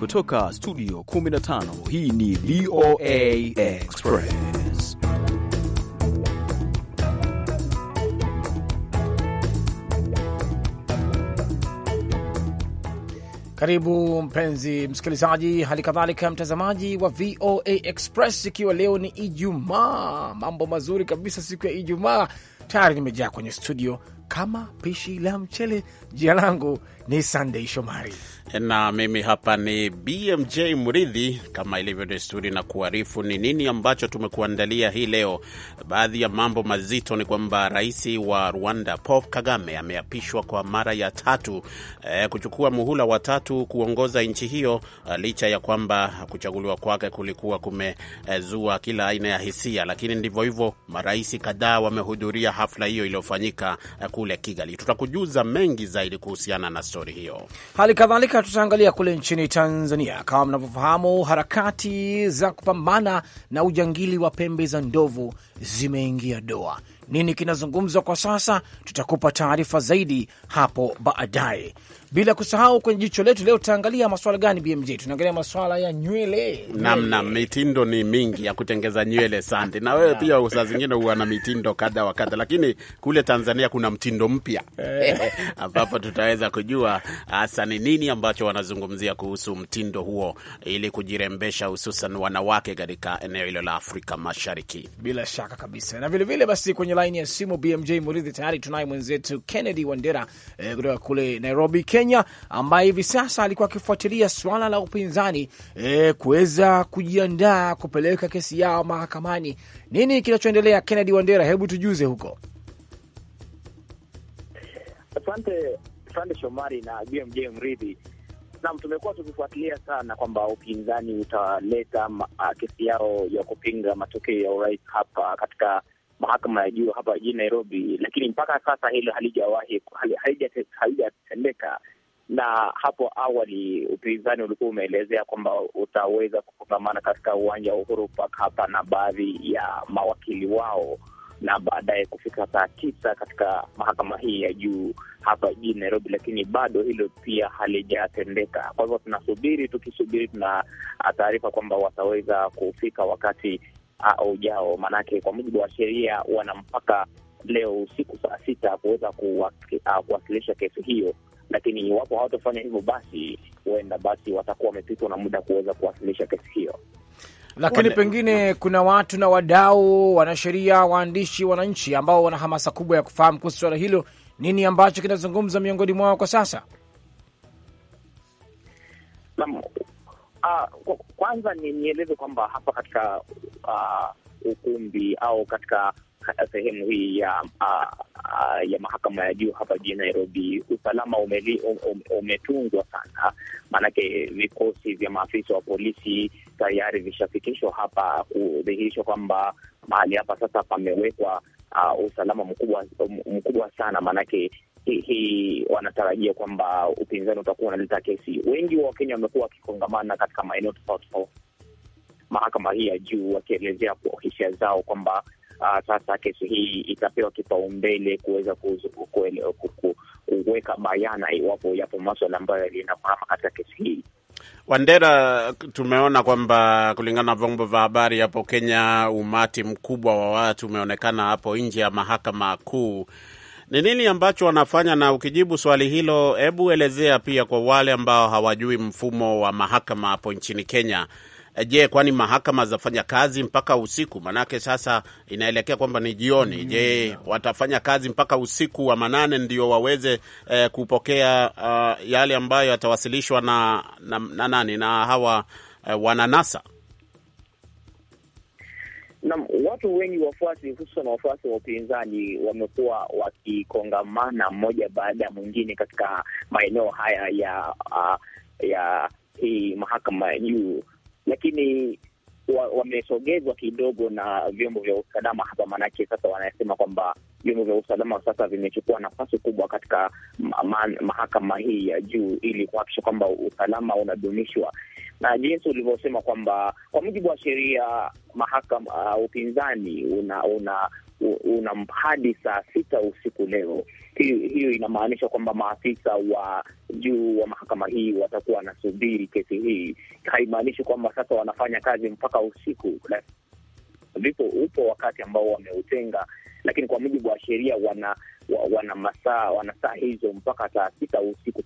kutoka studio 15 hii ni VOA Express. Karibu mpenzi msikilizaji, hali kadhalika mtazamaji wa VOA Express, ikiwa leo ni Ijumaa, mambo mazuri kabisa siku ya Ijumaa. Tayari nimejaa kwenye studio kama pishi la mchele. Jina langu ni Sandei Shomari na mimi hapa ni BMJ Mridhi. Kama ilivyo desturi, na kuarifu ni nini ambacho tumekuandalia hii leo. Baadhi ya mambo mazito ni kwamba rais wa Rwanda Paul Kagame ameapishwa kwa mara ya tatu eh, kuchukua muhula wa tatu kuongoza nchi hiyo, eh, licha ya kwamba kuchaguliwa kwake kulikuwa kumezua eh, kila aina ya hisia, lakini ndivyo hivyo, marais kadhaa wamehudhuria hafla hiyo iliyofanyika eh, kule Kigali. Tutakujuza mengi zaidi kuhusiana na stori hiyo. Hali kadhalika tutaangalia kule nchini Tanzania, kama mnavyofahamu, harakati za kupambana na ujangili wa pembe za ndovu zimeingia doa. Nini kinazungumzwa kwa sasa? Tutakupa taarifa zaidi hapo baadaye bila kusahau kwenye jicho letu leo tutaangalia maswala gani BMJ? Tunaangalia maswala ya nywele. Namna mitindo ni mingi ya kutengeza nywele sande, na wewe pia saa zingine huwa na mitindo kadha wa kadha, lakini kule Tanzania kuna mtindo mpya eh. ambapo tutaweza kujua hasa ni nini ambacho wanazungumzia kuhusu mtindo huo ili kujirembesha, hususan wanawake katika eneo hilo la Afrika Mashariki. Bila shaka kabisa, na vilevile vile basi kwenye laini ya simu BMJ Muridhi, tayari tunaye mwenzetu Kennedy Wandera eh, kutoka kule Nairobi. Kenya ambaye hivi sasa alikuwa akifuatilia swala la upinzani e, kuweza kujiandaa kupeleka kesi yao mahakamani. Nini kinachoendelea, Kennedy Wandera? Hebu tujuze huko. Asante, asante Shomari na BMJ Mridhi. Naam, tumekuwa tukifuatilia sana kwamba upinzani utaleta ah, kesi yao ya kupinga matokeo ya urais hapa katika mahakama ya juu hapa jijini Nairobi, lakini mpaka sasa hilo halijawahi halijatendeka. Na hapo awali upinzani ulikuwa umeelezea kwamba utaweza kufungamana katika uwanja wa Uhuru Park hapa na baadhi ya mawakili wao na baadaye kufika saa tisa katika mahakama hii ya juu hapa jijini Nairobi, lakini bado hilo pia halijatendeka. Kwa hivyo tunasubiri tukisubiri, tuna taarifa kwamba wataweza kufika wakati uh, ujao. Maanake kwa mujibu wa sheria wana mpaka leo usiku saa sita kuweza uh, kuwasilisha uh, kesi hiyo, lakini iwapo hawatofanya hivyo, basi huenda basi watakuwa wamepitwa na muda kuweza kuwasilisha kesi hiyo. Lakini Wane, pengine kuna watu na wadau, wanasheria, waandishi, wananchi ambao wana hamasa kubwa ya kufahamu kuhusu suala hilo. Nini ambacho kinazungumza miongoni mwao kwa sasa? Uh, kwanza nieleze kwamba hapa katika uh, ukumbi au katika sehemu hii ya uh, uh, ya mahakama ya juu hapa jijini Nairobi, usalama umeli, um, um umetungwa sana, maanake vikosi vya maafisa wa polisi tayari vishafikishwa hapa kudhihirishwa kwamba mahali hapa sasa pamewekwa uh, usalama mkubwa mkubwa sana, maanake hii hi, wanatarajia kwamba upinzani utakuwa unaleta kesi. Wengi wa Wakenya wamekuwa wakikongamana katika maeneo tofauti tofauti, mahakama hii ya juu, wakielezea hisia zao kwamba uh, sasa kesi hii itapewa kipaumbele kuweza kuweka bayana iwapo yapo maswala ambayo yalienda kurama katika kesi hii. Wandera, tumeona kwamba kulingana na vyombo vya habari hapo Kenya, umati mkubwa wa watu umeonekana hapo nje ya mahakama kuu. Ni nini ambacho wanafanya? Na ukijibu swali hilo, hebu elezea pia kwa wale ambao hawajui mfumo wa mahakama hapo nchini Kenya. E, je, kwani mahakama zafanya kazi mpaka usiku? Maanake sasa inaelekea kwamba ni jioni. Mm-hmm. Je, watafanya kazi mpaka usiku wa manane ndio waweze eh, kupokea uh, yale ambayo yatawasilishwa na, na, na nani na hawa eh, wananasa na watu wengi wafuasi, hususan wafuasi wa upinzani, wamekuwa wakikongamana mmoja baada ya mwingine katika maeneo haya ya uh, ya hii mahakama ya juu, lakini wamesogezwa wa kidogo na vyombo vya usalama hapa, maanake sasa wanasema kwamba vyombo vya usalama sasa vimechukua nafasi kubwa katika mahakama ma, hii ya juu ili kuhakikisha kwamba usalama unadumishwa na jinsi ulivyosema kwamba kwa mujibu wa sheria mahakama uh, upinzani una, una una hadi saa sita usiku leo. Hiyo inamaanisha kwamba maafisa wa juu wa mahakama hii watakuwa wanasubiri kesi hii. Haimaanishi kwamba sasa wanafanya kazi mpaka usiku, vipo upo wakati ambao wameutenga lakini kwa mujibu wa sheria wana wana masaa wana saa hizo mpaka saa sita usiku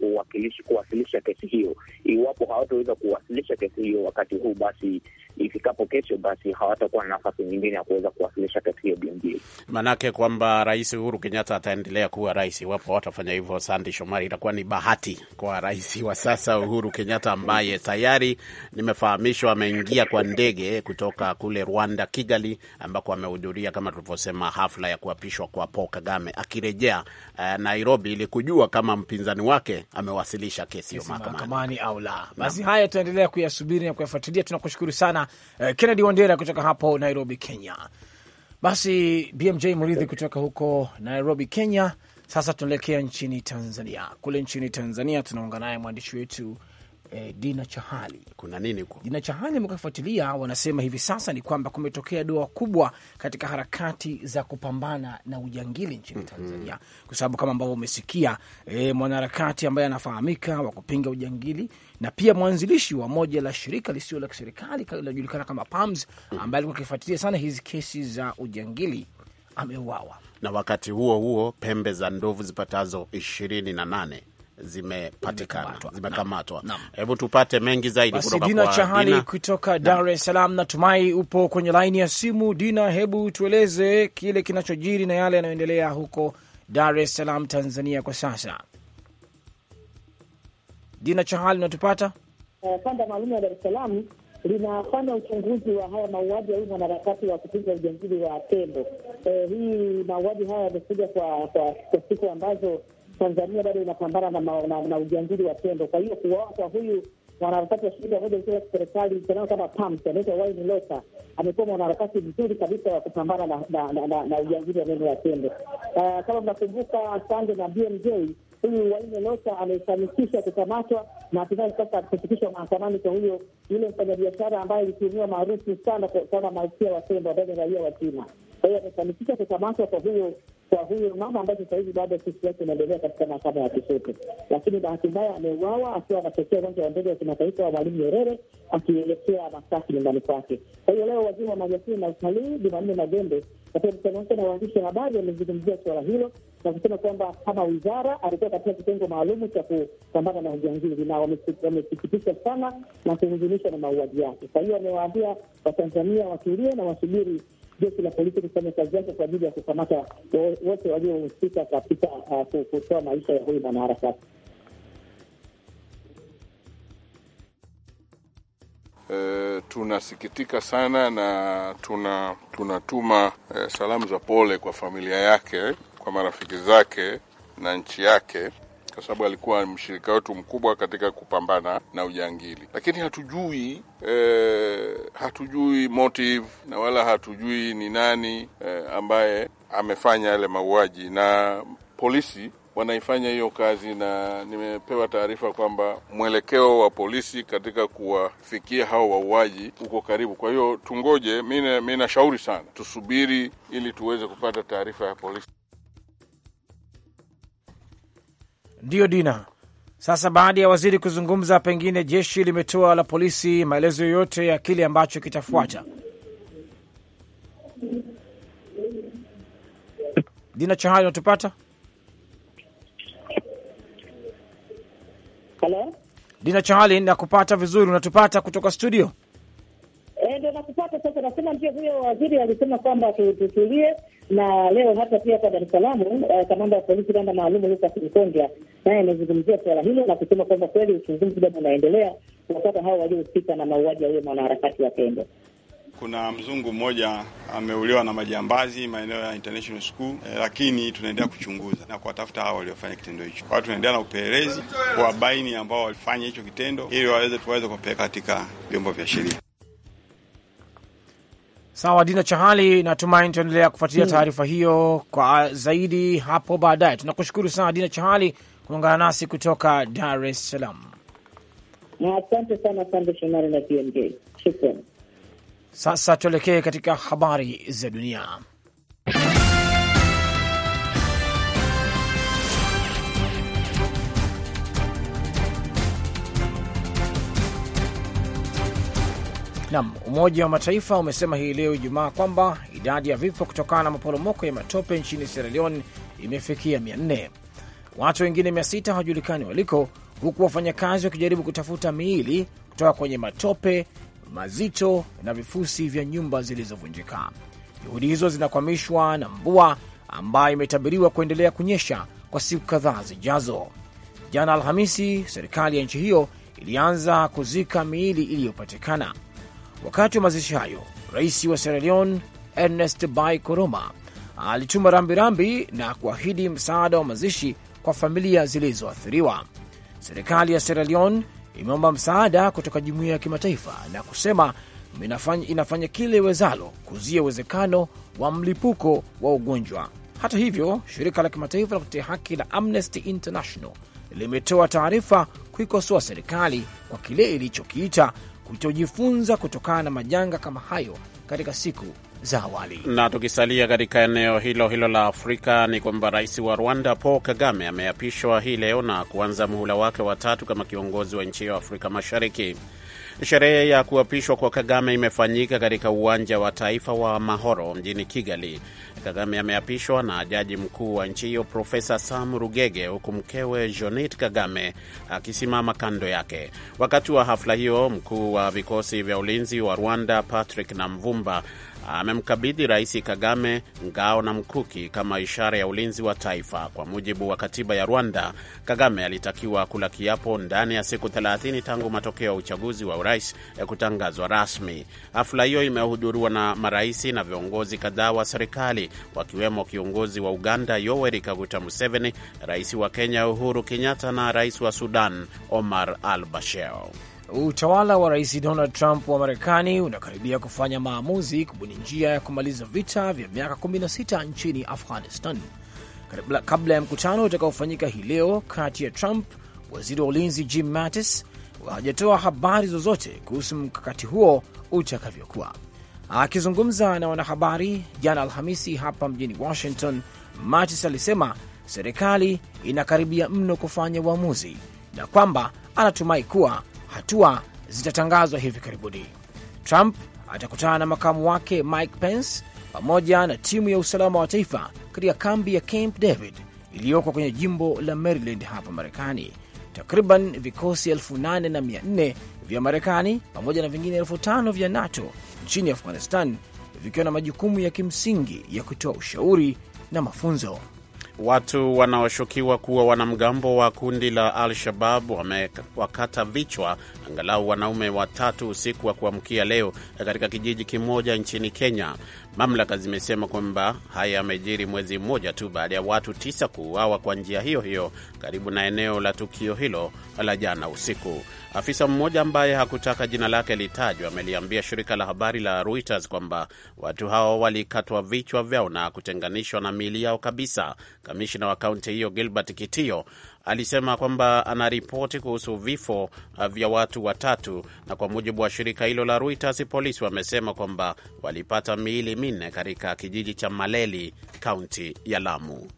kuwasilisha kesi hiyo. Iwapo hawataweza kuwasilisha kesi hiyo wakati huu, basi ifikapo kesho, basi hawatakuwa na nafasi nyingine ya kuweza kuwasilisha kesi hiyo. BMJ maanake kwamba Rais Uhuru Kenyatta ataendelea kuwa rais. Iwapo hawatafanya hivyo, Sandi Shomari, itakuwa ni bahati kwa rais wa sasa Uhuru Kenyatta ambaye tayari nimefahamishwa ameingia kwa ndege kutoka kule Rwanda, Kigali, ambako amehudhuria kama tulivyosema hafla kabla ya kuapishwa kwa Paul Kagame akirejea uh, Nairobi ili kujua kama mpinzani wake amewasilisha kesi hiyo mahakamani au la. Basi haya tunaendelea kuyasubiri na kuyafuatilia. Tunakushukuru sana uh, Kennedy Wandera kutoka hapo Nairobi, Kenya. Basi BMJ Mridhi kutoka huko Nairobi, Kenya. Sasa tunaelekea nchini Tanzania. Kule nchini Tanzania tunaunga naye mwandishi wetu eh, Dina Chahali. Kuna nini huko? Dina Chahali amekafuatilia, wanasema hivi sasa ni kwamba kumetokea doa kubwa katika harakati za kupambana na ujangili nchini mm -hmm. Tanzania, kwa sababu kama ambavyo umesikia eh, mwanaharakati ambaye anafahamika wa kupinga ujangili na pia mwanzilishi wa moja la shirika lisilo la kiserikali linajulikana kama PAMS mm-hmm. ambaye alikuwa akifuatilia sana hizi kesi za ujangili ameuawa. Na wakati huo huo pembe za ndovu zipatazo ishirini na nane zimepatikana zimekamatwa. Hebu tupate mengi zaidi kutoka Dina Chahali kutoka Dar es Salaam. Natumai upo kwenye laini ya simu. Dina, hebu tueleze kile kinachojiri na yale yanayoendelea huko Dar es Salaam, Tanzania kwa sasa. Dina Chahali, unatupata? Eh, kanda maalum ya Dar es Salaam linafanya uchunguzi wa haya mauaji ya huyu mwanaharakati wa kupinga ujangili wa tembo. Eh, hii mauaji haya yamekuja kwa siku ambazo Tanzania bado inapambana na, na, na ujangili wa tendo. Kwa hiyo kuwaoka huyu mwanaharakati wa shirika moja ikiwa serikali ifanao kama PAMS anaitwa Wayne Lotter amekuwa mwanaharakati mzuri kabisa wa kupambana na, na, na, na, na ujangili wa neno ya tendo. Uh, kama mnakumbuka Sande na BMJ, huyu Wayne Lotter amefanikisha kukamatwa na hatimaye sasa kufikishwa mahakamani kwa huyo yule mfanyabiashara ambaye ilitumiwa maarufu sana kama malkia wa tembo ambaye ni raia wa China. Kwa hiyo amefanikisha kukamatwa kwa huyo kwa huyu mama sasa hivi bado kesi yake inaendelea katika mahakama ya Kisutu, lakini bahati mbaya ameuawa akiwa anatokea uwanja wa ndege wa kimataifa wa Mwalimu Nyerere akielekea Masaki nyumbani kwake. Kwa hiyo leo waziri wa maliasili na utalii Jumanne magembe katika mkutano wake na waandishi wa habari wamezungumzia suala hilo na kusema kwamba kama wizara alikuwa katika kitengo maalumu cha kupambana na ujangili, na wamesikitishwa sana na kuhuzunishwa na mauaji yake. Kwa hiyo amewaambia Watanzania watulie na wasubiri jeshi la polisi kufanya kazi yake kwa ajili ya kukamata wote waliohusika katika ah, kutoa maisha ya huyu mwanaharakati. Uh, tunasikitika sana na tuna tunatuma uh, salamu za pole kwa familia yake, kwa marafiki zake na nchi yake kwa sababu alikuwa mshirika wetu mkubwa katika kupambana na ujangili, lakini hatujui eh, hatujui motive na wala hatujui ni nani eh, ambaye amefanya yale mauaji na polisi wanaifanya hiyo kazi, na nimepewa taarifa kwamba mwelekeo wa polisi katika kuwafikia hao wauaji uko karibu. Kwa hiyo tungoje, mi nashauri sana tusubiri ili tuweze kupata taarifa ya polisi. Ndiyo Dina. Sasa baada ya waziri kuzungumza, pengine jeshi limetoa la polisi maelezo yoyote ya kile ambacho kitafuata? Dina Chahali, unatupata? Hello? Dina Chahali, nakupata vizuri, unatupata kutoka studio? E, Ndio, nakupata sasa. Nasema ndio, huyo waziri alisema kwamba tutulie na leo hata pia kwa Dar es Salaam uh, kamanda wa polisi kanda maalum Lucas Mkondya naye amezungumzia suala hilo na kusema kwamba kweli uchunguzi bado unaendelea kuwapata hao waliohusika na mauaji ya huyo mwanaharakati wa Pembe. Kuna mzungu mmoja ameuliwa na majambazi maeneo ya International School eh, lakini tunaendelea kuchunguza na kuwatafuta hao waliofanya kitendo hicho. Kwa hiyo tunaendelea na upelelezi kuwabaini ambao walifanya hicho kitendo ili waweze tuwaweze kupeleka katika vyombo vya sheria. Sawa, Dina Chahali, natumaini tuendelea kufuatilia mm. taarifa hiyo kwa zaidi hapo baadaye. Tunakushukuru sana Dina Chahali kuungana nasi kutoka Dar es Salaam asante sana Sande Shomari na PMJ. Sasa tuelekee katika habari za dunia. Nam. Umoja wa Mataifa umesema hii leo Ijumaa kwamba idadi ya vifo kutokana na maporomoko ya matope nchini Sierra Leone imefikia 400. Watu wengine 600 hawajulikani waliko, huku wafanyakazi wakijaribu kutafuta miili kutoka kwenye matope mazito na vifusi vya nyumba zilizovunjika. Juhudi hizo zinakwamishwa na mvua ambayo imetabiriwa kuendelea kunyesha kwa siku kadhaa zijazo. Jana Alhamisi, serikali ya nchi hiyo ilianza kuzika miili iliyopatikana Wakati wa mazishi hayo, rais wa Sierra Leone Ernest Bai Koroma alituma rambirambi na kuahidi msaada wa mazishi kwa familia zilizoathiriwa. Serikali ya Sierra Leone imeomba msaada kutoka jumuiya ya kimataifa na kusema inafanya, inafanya kile iwezalo kuzuia uwezekano wa mlipuko wa ugonjwa. Hata hivyo, shirika la kimataifa la kutetea haki la Amnesty International limetoa taarifa kuikosoa serikali kwa kile ilichokiita kutojifunza kutokana na majanga kama hayo katika siku za awali. Na tukisalia katika eneo hilo hilo la Afrika ni kwamba rais wa Rwanda Paul Kagame ameapishwa hii leo na kuanza muhula wake wa tatu kama kiongozi wa nchi hiyo Afrika Mashariki. Sherehe ya kuapishwa kwa Kagame imefanyika katika uwanja wa taifa wa Mahoro mjini Kigali. Kagame ameapishwa na jaji mkuu wa nchi hiyo Profesa Sam Rugege, huku mkewe Jonit Kagame akisimama kando yake. Wakati wa hafla hiyo, mkuu wa vikosi vya ulinzi wa Rwanda Patrick Namvumba amemkabidhi Rais Kagame ngao na mkuki kama ishara ya ulinzi wa taifa. Kwa mujibu wa katiba ya Rwanda, Kagame alitakiwa kula kiapo ndani ya siku 30 tangu matokeo ya uchaguzi wa urais ya eh, kutangazwa rasmi. Hafla hiyo imehudhuriwa na maraisi na viongozi kadhaa wa serikali wakiwemo kiongozi wa Uganda Yoweri Kaguta Museveni, rais wa Kenya Uhuru Kenyatta na rais wa Sudan Omar al Bashir. Utawala wa Rais Donald Trump wa Marekani unakaribia kufanya maamuzi kubuni njia ya kumaliza vita vya miaka 16 nchini Afghanistan kabla ya mkutano utakaofanyika hii leo kati ya Trump, waziri wa ulinzi Jim Mattis hajatoa habari zozote kuhusu mkakati huo utakavyokuwa. Akizungumza na wanahabari jana Alhamisi hapa mjini Washington, Mattis alisema serikali inakaribia mno kufanya uamuzi na kwamba anatumai kuwa Hatua zitatangazwa hivi karibuni. Trump atakutana na makamu wake Mike Pence pamoja na timu ya usalama wa taifa katika kambi ya Camp David iliyoko kwenye jimbo la Maryland hapa Marekani. Takriban vikosi elfu nane na mia nne vya Marekani pamoja na vingine elfu tano vya NATO nchini Afghanistan vikiwa na majukumu ya kimsingi ya kutoa ushauri na mafunzo. Watu wanaoshukiwa kuwa wanamgambo wa kundi la Al-Shabab wamewakata vichwa angalau wanaume watatu usiku wa kuamkia leo katika kijiji kimoja nchini Kenya. Mamlaka zimesema kwamba haya yamejiri mwezi mmoja tu baada ya watu tisa kuuawa kwa njia hiyo hiyo karibu na eneo la tukio hilo la jana usiku. Afisa mmoja ambaye hakutaka jina lake litajwa ameliambia shirika la habari la Reuters kwamba watu hao walikatwa vichwa vyao na kutenganishwa na miili yao kabisa. Kamishina wa kaunti hiyo Gilbert Kitio alisema kwamba anaripoti kuhusu vifo uh, vya watu watatu, na kwa mujibu wa shirika hilo la Reuters, polisi wamesema kwamba walipata miili minne katika kijiji cha Maleli, kaunti ya Lamu.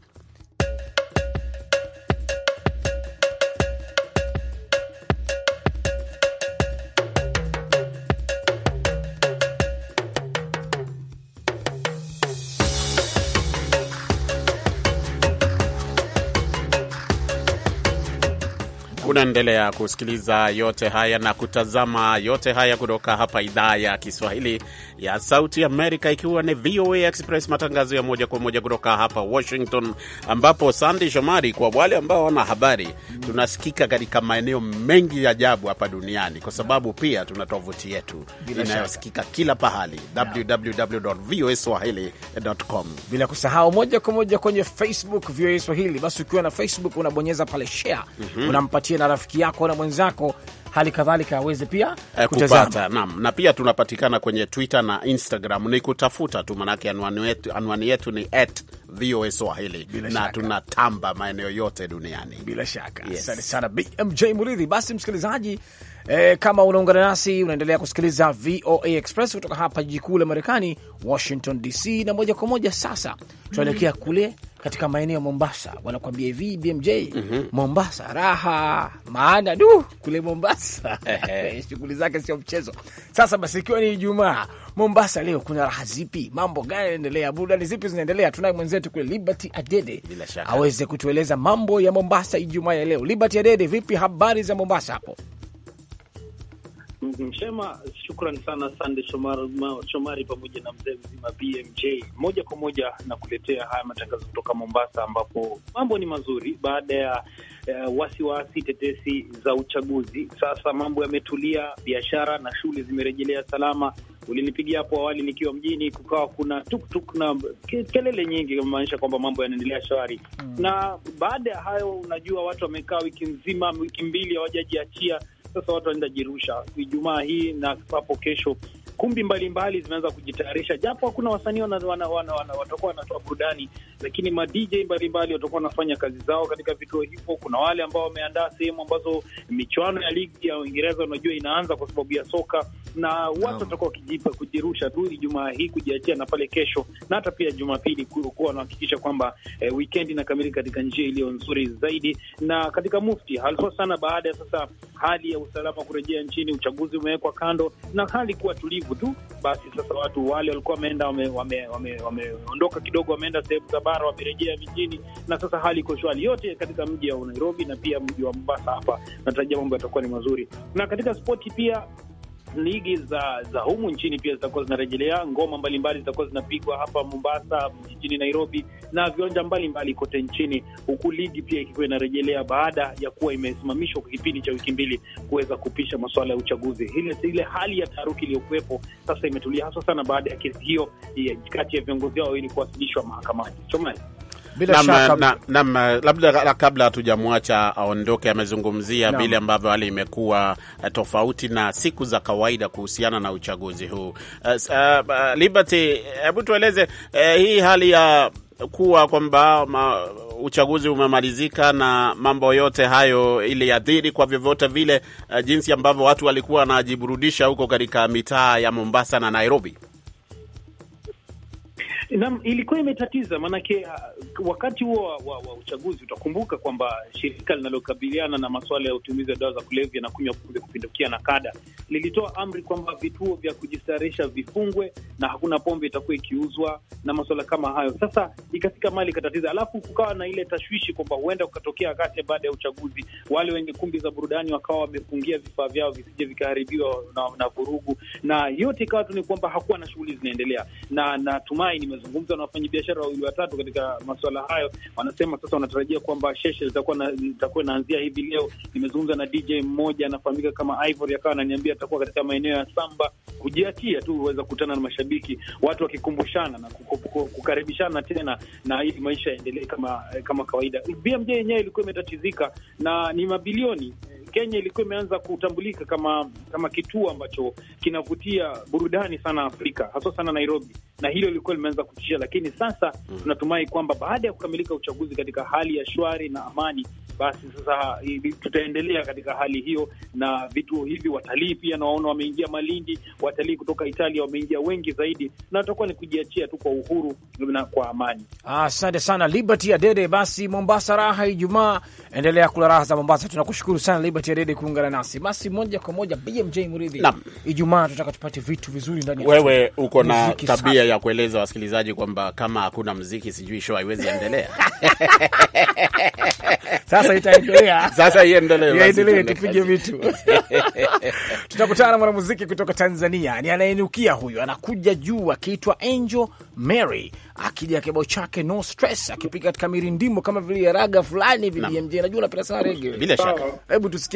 Unaendelea kusikiliza yote haya na kutazama yote haya kutoka hapa idhaa ya Kiswahili ya Sauti Amerika, ikiwa ni VOA Express, matangazo ya moja kwa moja kutoka hapa Washington, ambapo Sandey Shomari, kwa wale ambao wana habari, tunasikika katika maeneo mengi ya ajabu hapa duniani, kwa sababu pia tuna tovuti yetu inayosikika kila pahali www.voaswahili.com, bila kusahau moja kwa moja kwenye Facebook VOA Swahili. Basi ukiwa na Facebook unabonyeza pale share, mhm. unampatia na rafiki yako na mwenzako hali kadhalika aweze pia e, kupata naam. Na pia tunapatikana kwenye Twitter na Instagram, ni kutafuta tu, manake anwani yetu, anwani yetu ni at VOA Swahili na Tunatamba maeneo yote duniani bila shaka. Asante yes, sana BMJ Muridhi. Basi msikilizaji E, kama unaungana nasi unaendelea kusikiliza VOA Express kutoka hapa jiji kuu la Marekani, Washington DC, na moja kwa moja sasa tunaelekea mm. kule katika maeneo ya Mombasa. Wanakuambia hivi BMJ, mm -hmm. Mombasa raha, maana du kule Mombasa shughuli zake sio mchezo. Sasa basi, ikiwa ni Ijumaa, Mombasa leo kuna raha zipi? Mambo gani yanaendelea? Burudani zipi zinaendelea? Tunaye mwenzetu kule Liberty Adede aweze kutueleza mambo ya Mombasa Ijumaa ya leo. Liberty Adede, vipi habari za Mombasa hapo? Mm Shema, shukran sana Sande Shomari, pamoja na mzee mzima BMJ. Moja kwa moja na kuletea haya matangazo kutoka Mombasa, ambapo mambo ni mazuri baada ya uh, wasiwasi tetesi za uchaguzi. Sasa mambo yametulia, biashara na shule zimerejelea salama. Ulinipigia hapo awali nikiwa mjini, kukawa kuna tuktuk na kelele nyingi, kumaanisha kwamba mambo yanaendelea shwari. mm Na baada ya hayo, unajua watu wamekaa wiki nzima, wiki mbili hawajajiachia sasa watu wanaenda jirusha Ijumaa hii na hapo kesho kumbi mbalimbali zimeanza kujitayarisha, japo hakuna wasanii watakuwa wanatoa burudani, lakini ma DJ mbalimbali watakuwa wanafanya kazi zao katika vituo hivyo. Kuna wale ambao wameandaa sehemu ambazo michuano ya ligi ya Uingereza unajua inaanza kwa sababu ya soka, na watu watakuwa wakijipa kujirusha tu Ijumaa hii kujiachia na pale kesho na hata pia Jumapili kuwa wanahakikisha kwamba e, eh, wikendi inakamilika katika njia iliyo nzuri zaidi. Na katika mufti hasa sana, baada ya sasa hali ya usalama kurejea nchini, uchaguzi umewekwa kando na hali kuwa tulivu tu, basi sasa watu wale walikuwa wameenda wameondoka, wame, wame, wame kidogo, wameenda sehemu za bara, wamerejea mijini, na sasa hali iko shwari yote katika mji wa Nairobi na pia mji wa Mombasa hapa. Natarajia mambo yatakuwa ni mazuri, na katika spoti pia ligi za za humu nchini pia zitakuwa zinarejelea. Ngoma mbalimbali zitakuwa zinapigwa hapa Mombasa, jijini Nairobi na viwanja mbalimbali kote nchini, huku ligi pia ikiwa inarejelea baada ya kuwa imesimamishwa kwa kipindi cha wiki mbili kuweza kupisha masuala ya uchaguzi. Ile, ile hali ya taharuki iliyokuwepo sasa imetulia haswa sana baada ya kesi hiyo kati ya viongozi hao ili kuwasilishwa mahakamani. Shomari. Bila shaka na, na, labda kabla hatujamwacha aondoke, amezungumzia vile ambavyo hali imekuwa eh, tofauti na siku za kawaida kuhusiana na uchaguzi huu. Uh, uh, Liberty, hebu tueleze uh, hii hali ya kuwa kwamba uchaguzi umemalizika na mambo yote hayo iliathiri kwa vyovyote vile uh, jinsi ambavyo watu walikuwa wanajiburudisha huko katika mitaa ya Mombasa na Nairobi? Naam, ilikuwa imetatiza maanake, uh, wakati huo wa, wa, wa uchaguzi utakumbuka kwamba shirika linalokabiliana na masuala ya utumizi wa dawa za kulevya na kunywa pombe kupindukia na kada lilitoa amri kwamba vituo vya kujistarisha vifungwe na hakuna pombe itakuwa ikiuzwa na masuala kama hayo. Sasa ikafika mali ikatatiza, alafu kukawa na ile tashwishi kwamba huenda kukatokea ghasia baada ya uchaguzi, wale wenye kumbi za burudani wakawa wamefungia vifaa vyao visije vikaharibiwa na, na vurugu, na yote ikawa tu ni kwamba hakuwa na shughuli zinaendelea, na natumai wamezungumza na wafanyabiashara wawili watatu katika masuala hayo, wanasema sasa wanatarajia kwamba sheshe litakuwa inaanzia hivi leo. Nimezungumza na DJ mmoja anafahamika kama Ivory, akawa ananiambia atakuwa katika maeneo ya Samba kujiatia tu, uweza kukutana na mashabiki, watu wakikumbushana na kukaribishana tena, na ili maisha yaendelee kama, kama kawaida. BMJ yenyewe ilikuwa imetatizika na ni mabilioni Kenya ilikuwa imeanza kutambulika kama kama kituo ambacho kinavutia burudani sana Afrika, haswa sana Nairobi, na hilo lilikuwa limeanza kutishia lakini sasa mm, tunatumai kwamba baada ya kukamilika uchaguzi katika hali ya shwari na amani, basi sasa tutaendelea katika hali hiyo, na vituo hivi watalii pia nawaona wameingia Malindi, watalii kutoka Italia wameingia wengi zaidi, na watakuwa ni kujiachia tu kwa uhuru na kwa amani. Asante ah, sana Liberty Adede. Basi Mombasa, raha Ijumaa, endelea kula raha za Mombasa. Tunakushukuru sana Liberty wakati arede kuungana nasi. Basi moja kwa moja, BMJ Muridhi, Ijumaa tunataka tupate vitu vizuri ndani ya wewe. Uko na tabia sana ya kueleza wasikilizaji kwamba kama hakuna mziki, sijui show haiwezi endelea. Sasa itaendelea, sasa iendelee, iendelee, tupige vitu tutakutana na mwanamuziki kutoka Tanzania, ni anayenukia huyu, anakuja juu akiitwa Angel Mary, akija kibao chake no stress, akipiga katika mirindimo kama vile raga fulani. BMJ, najua unapenda sana rege, bila shaka, hebu tusikie.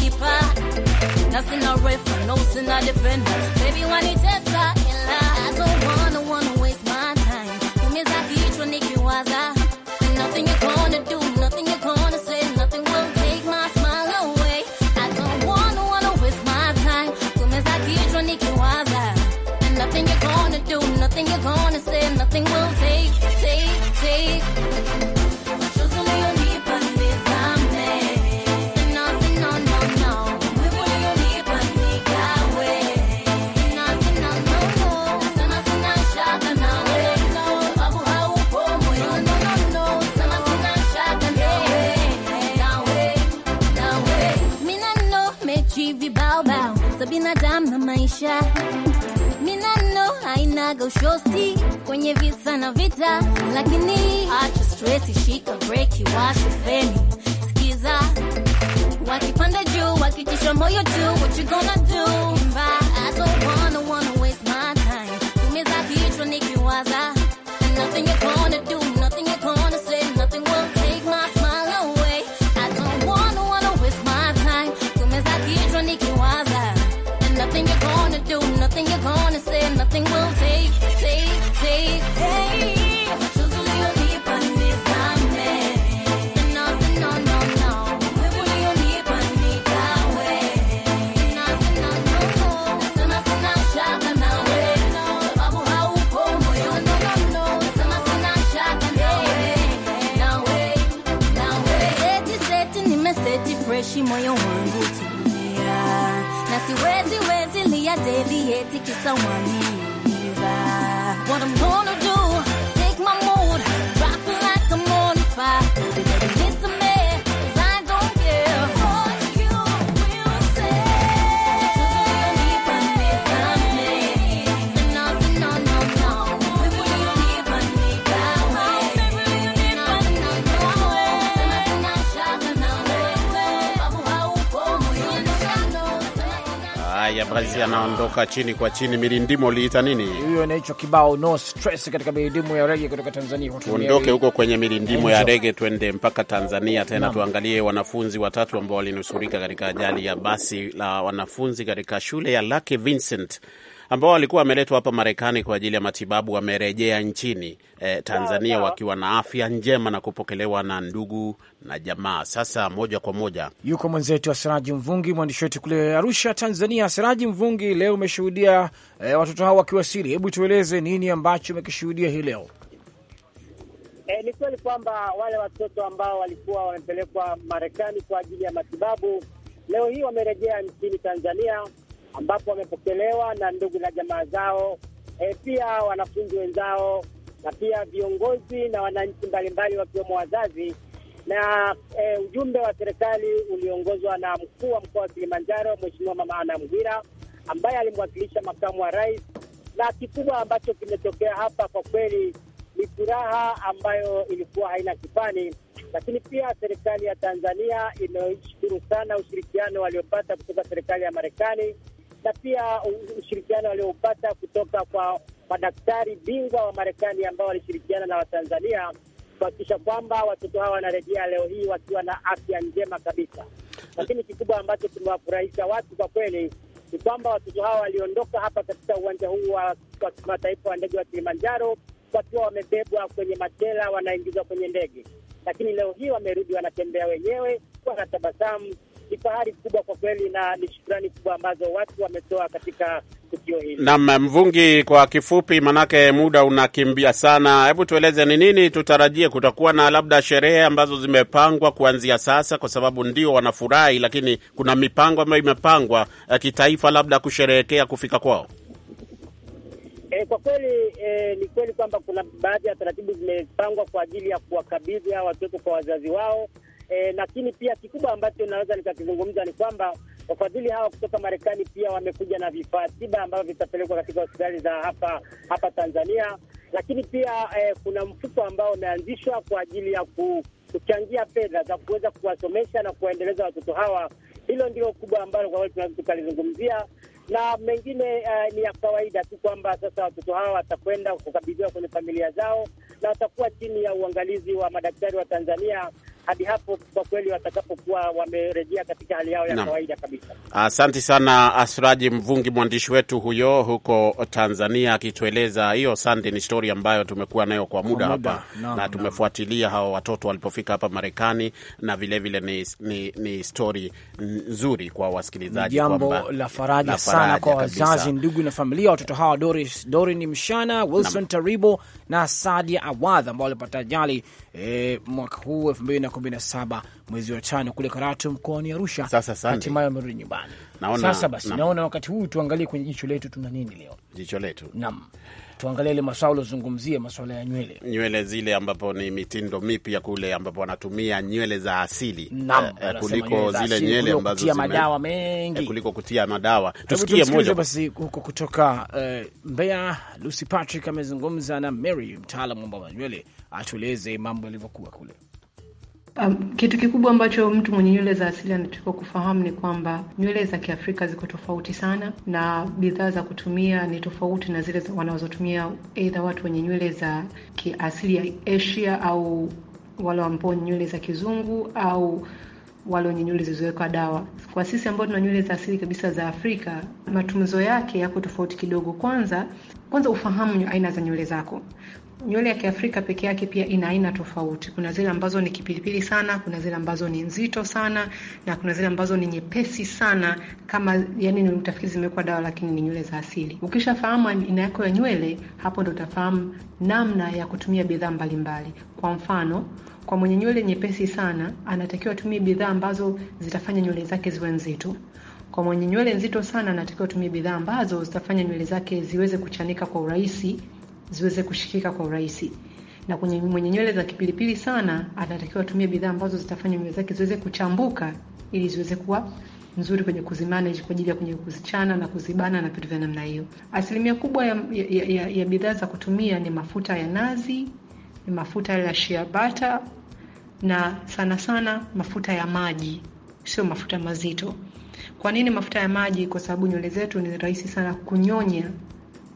Nothing I read from refer, nothing I defend. Baby, when he takes that. kwenye visa na vita, lakini acha stress, shika breki, washa feni, sikiza wakipanda juu, wakitisha moyo tu, what you gonna do someone new. What I'm gonna yanaondoka chini kwa chini. mirindimo liita nini hiyo? Inaitwa kibao no stress katika mirindimo ya rege kutoka Tanzania. Tuondoke huko kwenye mirindimo ya rege twende mpaka Tanzania tena Nama. tuangalie wanafunzi watatu ambao walinusurika katika ajali ya basi la wanafunzi katika shule ya Lucky Vincent ambao walikuwa wameletwa hapa Marekani kwa ajili ya matibabu wamerejea nchini eh, Tanzania wakiwa na afya njema na kupokelewa na ndugu na jamaa. Sasa moja kwa moja yuko mwenzetu Asiraji Mvungi, mwandishi wetu kule Arusha, Tanzania. Asiraji Mvungi, leo umeshuhudia eh, watoto hao wakiwasili. Hebu tueleze nini ambacho umekishuhudia hii leo? E, ni kweli kwamba wale watoto ambao walikuwa wamepelekwa Marekani kwa ajili ya matibabu leo hii wamerejea nchini Tanzania ambapo wamepokelewa na ndugu na jamaa zao, e, pia wanafunzi wenzao na pia viongozi na wananchi mbalimbali wakiwemo wazazi na e, ujumbe wa serikali uliongozwa na mkuu wa mkoa wa Kilimanjaro Mheshimiwa Mama Ana mgwira ambaye alimwakilisha makamu wa rais, na kikubwa ambacho kimetokea hapa kwa kweli ni furaha ambayo ilikuwa haina kifani. Lakini pia serikali ya Tanzania imeshukuru sana ushirikiano waliopata kutoka serikali ya Marekani na pia ushirikiano walioupata kutoka kwa madaktari bingwa wa Marekani ambao walishirikiana na Watanzania kuhakikisha kwamba watoto hawa wanarejea leo hii wakiwa na afya njema kabisa. Lakini kikubwa ambacho kimewafurahisha watu kwa kweli ni kwamba watoto hawa waliondoka hapa katika uwanja huu wa kimataifa wa ndege wa Kilimanjaro wakiwa wamebebwa kwenye matela, wanaingizwa kwenye ndege, lakini leo hii wamerudi, wanatembea wenyewe, wanatabasamu ni fahari kubwa kwa kweli, na ni shukrani kubwa ambazo watu wametoa katika tukio hili. Naam, Mvungi, kwa kifupi, manake muda unakimbia sana, hebu tueleze ni nini tutarajie. Kutakuwa na labda sherehe ambazo zimepangwa kuanzia sasa, kwa sababu ndio wanafurahi, lakini kuna mipango ambayo imepangwa eh, kitaifa, labda kusherehekea kufika kwao. E, kwa kweli e, ni kweli kwamba kuna baadhi ya taratibu zimepangwa kwa ajili ya kuwakabidhi hawa watoto kwa wazazi wao e, lakini pia kikubwa ambacho naweza nikakizungumza ni kwamba wafadhili hawa kutoka Marekani pia wamekuja na vifaa tiba ambavyo vitapelekwa katika hospitali za hapa hapa Tanzania, lakini pia e, kuna mfuko ambao umeanzishwa kwa ajili ya kuchangia fedha za kuweza kuwasomesha na kuwaendeleza watoto hawa. Hilo ndilo kubwa ambalo kwa kweli tunaweza tukalizungumzia na mengine uh, ni ya kawaida tu kwamba sasa watoto hawa watakwenda kukabidhiwa kwenye familia zao na watakuwa chini ya uangalizi wa madaktari wa Tanzania hadi hapo kwa kweli watakapokuwa wamerejea katika hali yao ya kawaida kabisa. Asante sana Asraji Mvungi, mwandishi wetu huyo huko Tanzania, akitueleza hiyo. Sande, ni stori ambayo tumekuwa nayo kwa muda, hapa na, na tumefuatilia hawa watoto walipofika hapa Marekani na vilevile vile ni, ni, ni stori nzuri kwa wasikilizaji, jambo la faraja sana kwa wazazi, ndugu na familia watoto hawa Doris Dorin Mshana, Wilson na Taribo na Sadia Awadha ambao walipata ajali e, mwaka huu elfu mbili na kumi na saba mwezi wa tano kule Karatu mkoani Arusha. Hatimaye amerudi nyumbani. Sasa basi, naona wakati huu tuangalie kwenye jicho letu tuna nini leo. Jicho letu, naam tuangalie ile maswala uliozungumzia, maswala ya nywele, nywele zile ambapo ni mitindo mipya kule ambapo wanatumia nywele za asili na, eh, eh kuliko zile nywele ambazo zime madawa eh, mengi eh, kuliko kutia madawa. Tusikie moja basi huko kutoka eh, Mbeya. Lucy Patrick amezungumza na Mary, mtaalamu wa nywele, atueleze mambo yalivyokuwa kule. Um, kitu kikubwa ambacho mtu mwenye nywele za asili anatakiwa kufahamu ni kwamba nywele za Kiafrika ziko tofauti sana, na bidhaa za kutumia ni tofauti na zile wanazotumia eidha watu wenye nywele za kiasili ya Asia au wale ambao nywele za kizungu au wale wenye nywele zilizowekwa dawa. Kwa sisi ambao tuna nywele za asili kabisa za Afrika, matumizo yake yako tofauti kidogo. Kwanza kwanza ufahamu aina za nywele zako. Nywele ya Kiafrika peke yake pia ina aina tofauti. Kuna zile ambazo ni kipilipili sana, kuna zile ambazo ni nzito sana, na kuna zile ambazo ni nyepesi sana, kama yani utafikiri zimekuwa dawa, lakini ni nywele za asili. Ukishafahamu aina yako ya nywele, hapo ndo utafahamu namna ya kutumia bidhaa mbalimbali. Kwa mfano, kwa mwenye nywele nyepesi sana, anatakiwa atumie bidhaa ambazo zitafanya nywele zake ziwe nzito. Kwa mwenye nywele nzito sana, anatakiwa atumie bidhaa ambazo zitafanya nywele zake ziweze kuchanika kwa urahisi ziweze kushikika kwa urahisi. Na kwenye mwenye nywele za kipilipili sana, anatakiwa atumie bidhaa ambazo zitafanya nywele zake ziweze kuchambuka ili ziweze kuwa nzuri kwenye kuzimanage kwa ajili ya kwenye kuzichana na kuzibana na vitu vya namna hiyo. Asilimia kubwa ya, ya, ya, ya bidhaa za kutumia ni mafuta ya nazi, ni mafuta ya shea butter na sana sana mafuta ya maji, sio mafuta mazito. Kwa nini mafuta ya maji? Kwa sababu nywele zetu ni rahisi sana kunyonya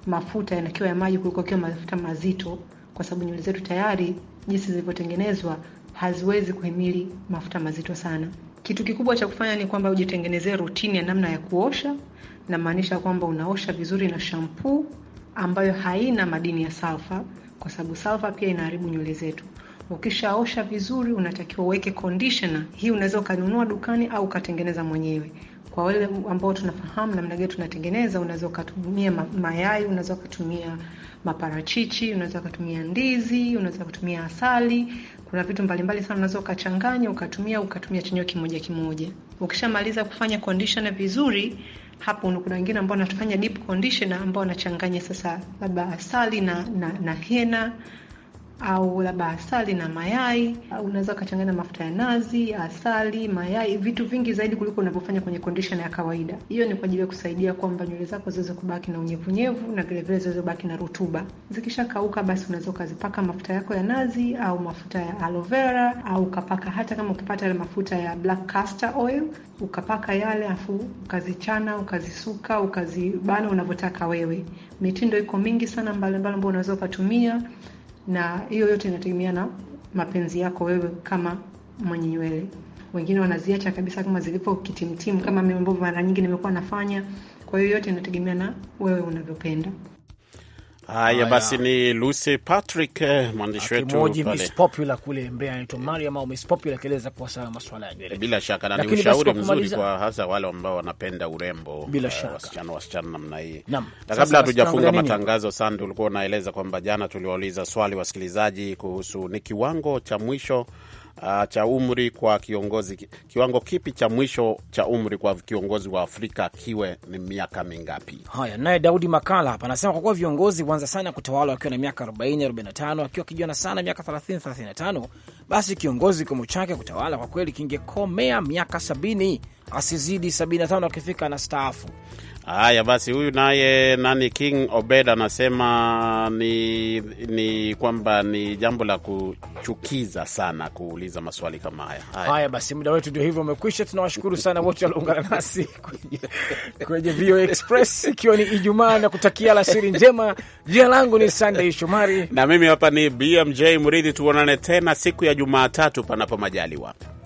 mafuta yanakiwa ya maji kuliko kiwa mafuta mazito, kwa sababu nywele zetu tayari jinsi zilivyotengenezwa haziwezi kuhimili mafuta mazito sana. Kitu kikubwa cha kufanya ni kwamba ujitengenezee rutini ya namna ya kuosha, namaanisha kwamba unaosha vizuri na shampuu ambayo haina madini ya salfa, kwa sababu salfa pia inaharibu nywele zetu. Ukishaosha vizuri, unatakiwa uweke conditioner. Hii unaweza ukanunua dukani au ukatengeneza mwenyewe. Kwa wale ambao tunafahamu namna gani tunatengeneza, unaweza ukatumia mayai, unaweza ukatumia maparachichi, unaweza ukatumia ndizi, unaweza ukatumia asali. Kuna vitu mbalimbali sana unaweza ukachanganya ukatumia ukatumia chenyewe kimoja kimoja. Ukishamaliza kufanya conditioner vizuri, hapo kuna wengine ambao wanatufanya deep conditioner ambao wanachanganya sasa labda asali na, na, na hena au labda asali na mayai. Unaweza ukachanganya mafuta ya nazi, asali, mayai, vitu vingi zaidi kuliko unavyofanya kwenye conditioner ya kawaida. Hiyo ni kwa ajili ya kusaidia kwamba nywele zako ziweze kubaki na unyevunyevu na vilevile ziweze kubaki na rutuba. Zikishakauka, basi unaweza ukazipaka mafuta yako ya nazi au mafuta ya aloe vera, au ukapaka hata kama ukipata yale mafuta ya black castor oil, ukapaka yale afu ukazichana, ukazisuka, ukazibana unavyotaka wewe. Mitindo iko mingi sana mbalimbali ambayo unaweza ukatumia na hiyo yote inategemea na mapenzi yako wewe kama mwenye nywele. Wengine wanaziacha kabisa kama zilipo kitimtim kama ambavyo mara nyingi nimekuwa nafanya. Kwa hiyo yote inategemea na wewe unavyopenda. Haya basi, ni Lucy Patrick, eh, mwandishi wetu Miss Popular kule Mbeya, anaitwa Mariam au Miss Popular, akieleza kuhusu masuala ya nywele. Eh, bila shaka na ni ushauri mzuri kwa hasa wale ambao wanapenda urembo, bila eh, shaka wasichana, wasichana namna hii. Na kabla hatujafunga matangazo, Sande, ulikuwa unaeleza kwamba jana tuliwauliza swali wasikilizaji kuhusu ni kiwango cha mwisho uh, cha umri kwa kiongozi, kiwango kipi cha mwisho cha umri kwa kiongozi wa Afrika kiwe ni miaka mingapi? Haya, naye Daudi Makala hapa anasema kwa kuwa viongozi huanza sana kutawala wakiwa na miaka 40, 45, akiwa wakijiona sana miaka 30, 35, basi kiongozi kimo chake kutawala kwa kweli kingekomea miaka 70, asizidi 75, akifika na staafu. Haya basi, huyu naye nani King Obed anasema ni, ni kwamba ni jambo la kuchukiza sana kuuliza maswali kama haya. Haya, haya basi, muda wetu ndio hivyo umekwisha. Tunawashukuru sana wote walioungana nasi kwenye, kwenye VOA Express ikiwa ni Ijumaa na kutakia alasiri njema. Jina langu ni sandey Shomari na mimi hapa ni BMJ Mridhi. Tuonane tena siku ya Jumatatu panapo majaliwa.